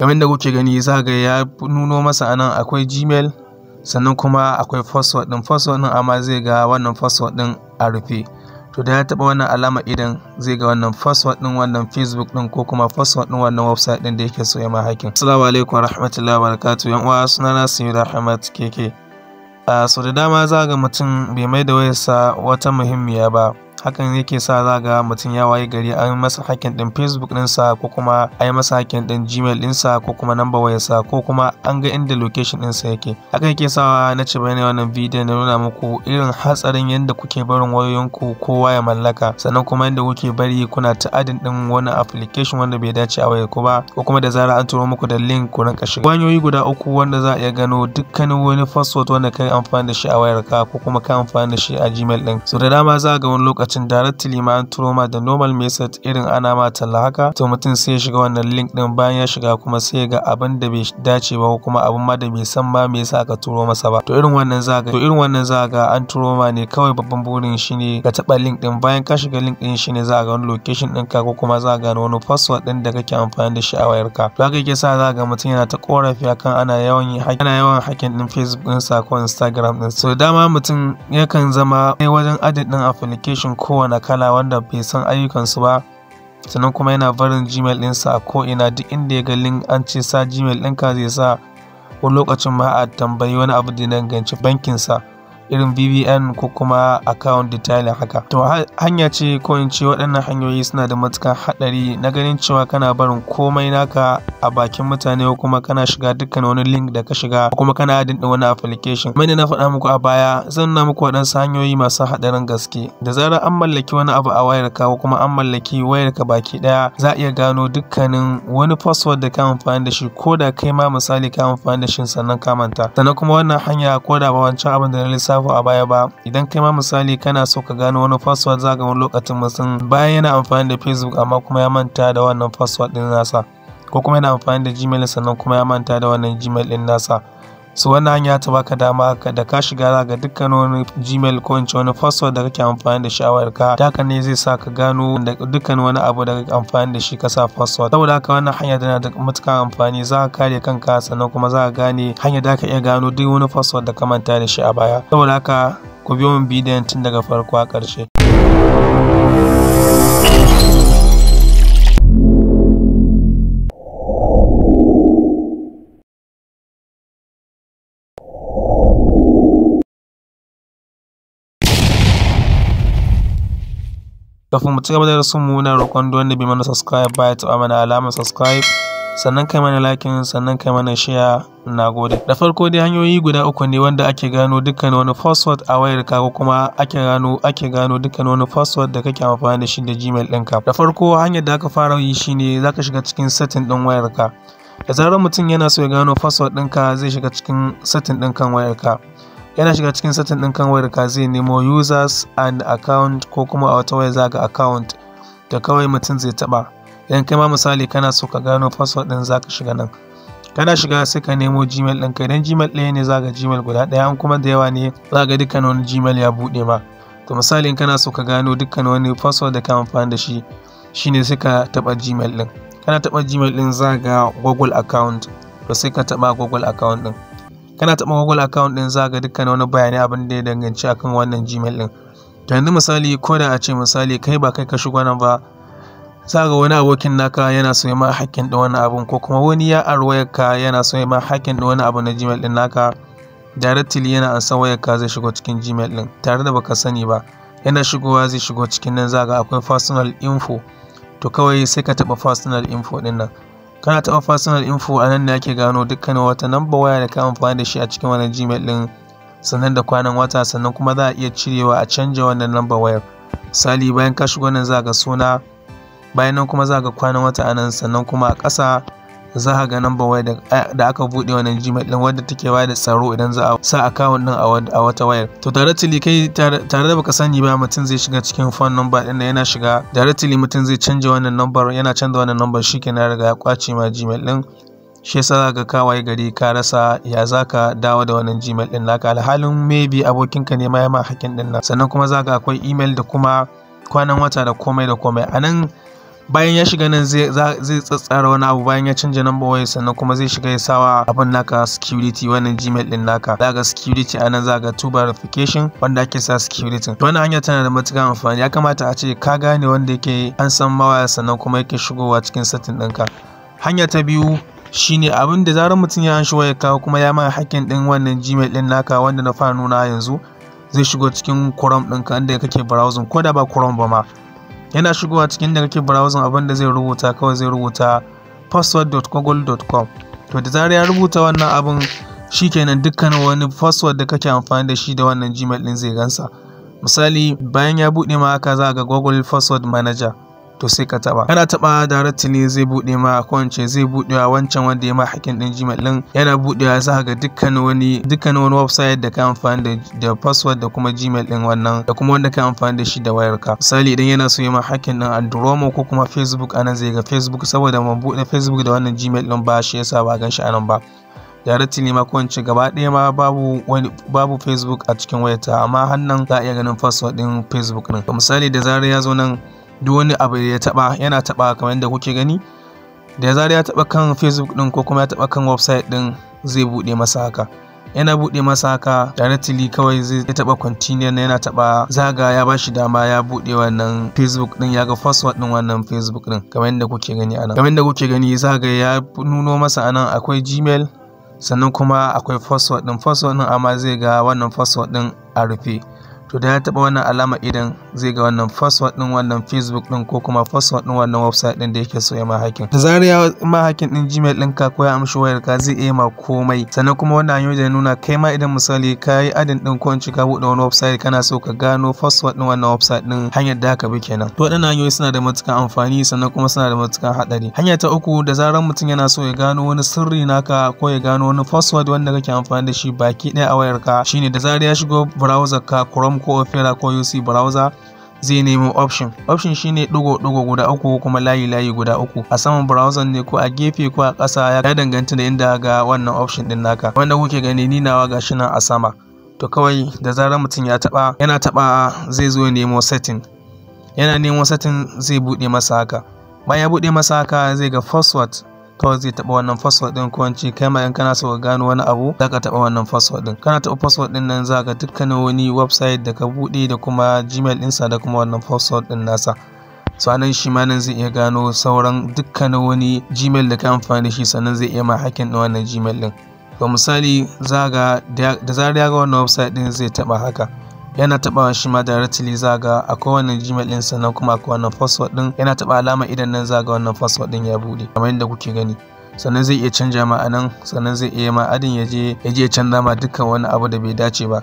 Kamar da kuke gani za ga ya nuno masa anan akwai Gmail sannan kuma akwai password ɗin password ɗin amma zai ga wannan password ɗin a rufe. To da ya taba wannan alama idan zai ga wannan password ɗin wannan Facebook ɗin ko kuma password ɗin wannan website ɗin da yake so ya ma hakin Assalamu alaikum warahmatullahi wabarakatuh. Yan uwa sunana Sayyid Ahmad Keke. a ah, so da dama za ga mutum bai mai da wayarsa wata muhimmiya ba. hakan yake sa za ga mutum ya waye gari an masa hakin din facebook ɗinsa ko kuma an masa hakin din gmail dinsa ko kuma namba wayarsa ko kuma an ga inda location dinsa yake hakan yake sa na ci bayani wannan bidiyo na nuna muku irin hatsarin yadda kuke barin wayoyinku kowa ya mallaka sannan kuma yadda kuke bari kuna ta'adin din wani application wanda bai dace a wayarku ba ko kuma da zara an turo muku da link ku rinka shiga hanyoyi guda uku wanda za a iya gano dukkanin wani password wanda kai amfani da shi a wayarka ko kuma ka amfani da shi a gmail ɗin so da dama za ga wani lokaci messaging directly ma an turo ma da normal message irin ana ma talla haka to mutum sai ya shiga wannan link din bayan ya shiga kuma sai ya ga abin da bai dace ba kuma abin ma da bai san ma me yasa aka turo masa ba to irin wannan za ga to irin wannan za ga an turo ma ne kawai babban burin shi ne. ka taba link din bayan ka shiga link din ne za ga wani location din ka ko kuma za ga wani password din da kake amfani da shi a wayarka to haka yake sa za ga mutum yana ta korafi akan ana yawan ana yawan hakin din Facebook din sa ko Instagram din so dama mutum yakan zama eh, wajen adadin application kowane kala wanda bai san ayyukansu ba sannan kuma yana barin gmail ɗinsa a ko'ina duk inda ya ga link an ce sa gmail ɗinka zai sa ko lokacin ma a tambayi wani abu da ya danganci bankinsa irin bbn ko kuma account detail haka to hanya ce ko in ce waɗannan hanyoyi suna da matukan haɗari na ganin cewa kana barin komai naka a bakin mutane ko kuma kana shiga dukkan wani link da ka shiga ko kuma kana adin wani application kamar na faɗa muku a baya zan na muku waɗansu hanyoyi masu haɗarin gaske da zarar an mallaki wani abu a wayar ka ko kuma an mallaki wayar ka baki ɗaya za a iya gano dukkanin wani password da ka amfani da shi ko da kai ma misali ka amfani da shi sannan ka manta sannan kuma wannan hanya ko da ba wancan abin da na lissa lissafo a baya ba idan kai ma misali kana so ka gano wani password za ga wani lokacin mutum bayan yana amfani da facebook amma kuma ya manta da wannan password din nasa ko kuma yana amfani da gmail sannan kuma ya manta da wannan gmail din nasa su wannan hanya ta baka dama da ka shiga ga dukkan wani gmail ko ince wani password da kake amfani da shi a wayarka da ne zai sa ka gano dukkan wani abu da kake amfani da shi ka sa password saboda haka wannan hanya tana da matukar amfani za ka kare kanka sannan kuma za ka gane hanya da ka iya gano duk wani password da ka manta da shi a baya saboda haka ku biyo min bidiyon tun daga farko a ƙarshe Kafin mu ci gaba da rasu mu na roƙon duk wanda bai mana subscribe ba ya taɓa mana alamar subscribe sannan kai mana lakin sannan kai mana share na gode da farko dai hanyoyi guda uku ne wanda ake gano dukkan wani password a wayar ka ko kuma ake gano ake gano dukkan wani password da kake amfani da shi da gmail ɗinka da farko hanyar da aka fara yi shine zaka shiga cikin setting ɗin wayar ka da zarar mutum yana so ya gano password ɗinka zai shiga cikin setting ɗin kan wayar ka yana shiga cikin satin ɗin kan wayar ka zai nemo users and account ko kuma a wata waya za ga account da kawai mutum zai taba idan kai ma misali kana so ka gano password ɗin za ka shiga nan kana shiga sai ka nemo gmail ɗinka idan gmail ɗaya ne za ga gmail guda ɗaya an kuma da yawa ne za ga dukkan wani gmail ya buɗe ma to misali in kana so ka gano dukkan wani password da ka amfani da shi shine sai ka taɓa gmail ɗin kana taba gmail ɗin za ga google account to sai ka taba google account ɗin kana taɓa google account ɗin za ga dukkan wani bayanai abin da ya danganci akan wannan gmail ɗin to yanzu misali ko da a ce misali kai ba kai ka shigo nan ba za ga wani abokin naka yana so ya ma hakkin ɗin wani abun ko kuma wani ya arwayarka yana so ya ma hakkin ɗin wani abu na gmail ɗin naka directly yana an san wayarka zai shigo cikin gmail ɗin tare da baka sani ba yana shigowa zai shigo cikin nan za ga akwai personal info to kawai sai ka taɓa personal info ɗin nan kana taɓa personal info a nan da ake gano dukkanin wata namba waya da ka amfani da shi a cikin wannan gmail ɗin sannan da kwanan wata sannan kuma za a iya cirewa a canja wannan namba wayar misali bayan ka shigo nan za ga suna bayan nan kuma za ga kwanan wata a nan sannan kuma a ƙasa za ka ga number waya da aka buɗe wannan gmail din wadda take waya da tsaro idan za a sa account din a wata wayar to directly kai tare da baka sani ba mutum zai shiga cikin phone number din da yana shiga directly mutum zai canja wannan number yana canza wannan number shikenan ya riga ya kwace ma gmail din shi yasa ga kawai gari ka rasa ya za ka dawo da wannan gmail din naka alhalin maybe abokinka ne ma ya ma hakin din nan sannan kuma za ka akwai email da kuma kwanan wata da komai da komai nan. bayan ya shiga nan zai tsatsara wani abu bayan ya canja number waya sannan kuma zai shiga ya sawa abin naka security wannan gmail din naka za ga security nan za ga two verification wanda ake sa security wannan hanya tana da matuƙar amfani ya kamata a ce ka gane wanda yake an san mawaya sannan kuma yake shigowa cikin setting ɗinka hanya ta biyu shine abin da zarar mutum ya an shi waya kawo kuma ya mai hakkin din wannan gmail din naka wanda na fara nuna yanzu zai shigo cikin chrome ɗinka inda kake browsing ko da ba chrome ba ma yana shigowa cikin da kake browsing abin da zai rubuta kawai zai rubuta password.google.com to da zarar ya rubuta wannan abin shikenan dukkanin wani password da kake amfani da shi da wannan gmail din zai gansa misali bayan ya buɗe ma haka za ga google password manager to sai ka taba kana taba directly zai bude ma ko ince zai budewa wancan wanda ya ma hakin din Gmail din yana budewa zaka ga dukkan wani dukkan wani website da ka amfani da da password da kuma Gmail din wannan da kuma wanda ka amfani da shi da wayar ka misali idan yana so ya ma hakin din Andromo ko kuma Facebook anan zai ga Facebook saboda mun bude Facebook da wannan Gmail din ba shi yasa ba gan shi anan ba ne ma ko gaba ɗaya ma babu wani babu Facebook a cikin wayarta amma hannan za a iya ganin password din Facebook din misali da zarar ya zo nan duk wani abu da ya taɓa yana taɓa kamar yadda kuke gani da zari ya taɓa kan facebook din ko kuma ya taɓa kan website din zai buɗe masa haka yana buɗe masa haka directly kawai zai taɓa continue na yana taɓa zaga ya bashi dama ya buɗe wannan facebook din ya ga password din wannan facebook din kamar yadda kuke gani anan kamar yadda kuke gani zaga ya nuno masa anan akwai gmail sannan kuma akwai password din password din amma zai ga wannan password din a rufe to da ya taɓa wannan alama idan zai ga wannan password din wannan facebook din ko kuma password din wannan website din da yake so ya ma hakin da zarar ya ma hakin din gmail din ka ko ya amshi wayar ka zai iya ma komai sannan kuma wannan hanyoyi da nuna kai ma idan misali ka adin din ko in ci ka buɗe wani website kana so ka gano password din wannan website din hanyar da ka bi kenan to waɗannan hanyoyi suna da matukar amfani sannan kuma suna da matukar haɗari hanya ta uku da zarar mutum yana so ya gano wani sirri naka ko ya gano wani password wanda kake amfani da shi baki ɗaya a wayar ka shine da zarar ya shigo browser ka Chrome ko Opera ko UC browser zai nemo option option shine dugo digo guda uku kuma layi layi guda uku a saman browser ne ko a gefe ko a ƙasa ya danganta da inda ga wannan option din naka wanda kuke gani ni nawa gashi nan a sama to kawai da zarar mutum ya taba yana taba zai zo nemo setting yana nemo setting zai bude masa haka bayan ya bude masa haka zai ga password kawai zai taɓa wannan password ɗin ko ce kai ma in kana so ka gano wani abu za ka taɓa wannan password ɗin kana taɓa password ɗin nan za ka dukkanin wani website da ka buɗe da kuma gmail ɗinsa da kuma wannan password ɗin nasa anan shi ma nan zai iya gano sauran dukkanin wani gmail da ka amfani da shi sannan zai iya ma hakin na wannan gmail ɗin ga misali ga da zarar ya ga wannan website ɗin zai taɓa haka yana taba shi ma directly za ga akwai wannan gmail din sannan kuma a wannan password din yana taba alama idan nan za ga wannan password din ya bude kamar yadda kuke gani sannan zai iya canja ma anan sannan zai iya ma adin ya je ya je canza ma dukkan wani abu da bai dace ba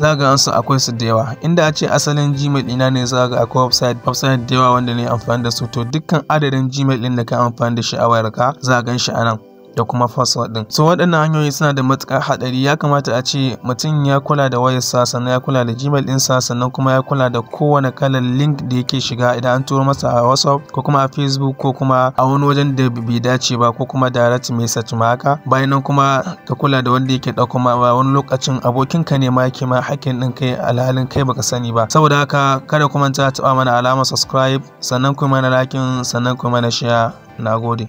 za ga su akwai su da yawa inda a ce asalin gmail ina ne za ga akwai website website da yawa wanda ne amfani da su to dukkan adadin gmail din da ka amfani da shi a wayarka za ganshi a anan da kuma password din so waɗannan hanyoyi suna da matuƙar haɗari ya kamata a ce mutum ya kula da wayarsa sannan ya kula da gmail ɗinsa sannan kuma ya kula da kowane kalan link da yake shiga idan an turo masa a whatsapp ko kuma a facebook ko kuma a wani wajen da bai dace ba ko kuma direct message ma haka bayan nan kuma ka kula da wanda yake ɗauko ma ba wani lokacin abokinka ne ma yake ma hakkin ɗin kai alhalin kai baka sani ba saboda haka kada kuma ta taɓa mana alamar subscribe sannan kuma na lakin sannan kuma na share na gode